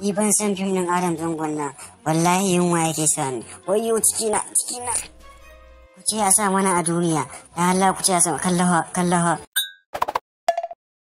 ni ban san birnin adam zangon na wallahi yunwa yake sa ni wayo cikina cikina ku ce a sa mana a duniya ya Allah ku ce a sa kallaha kallaha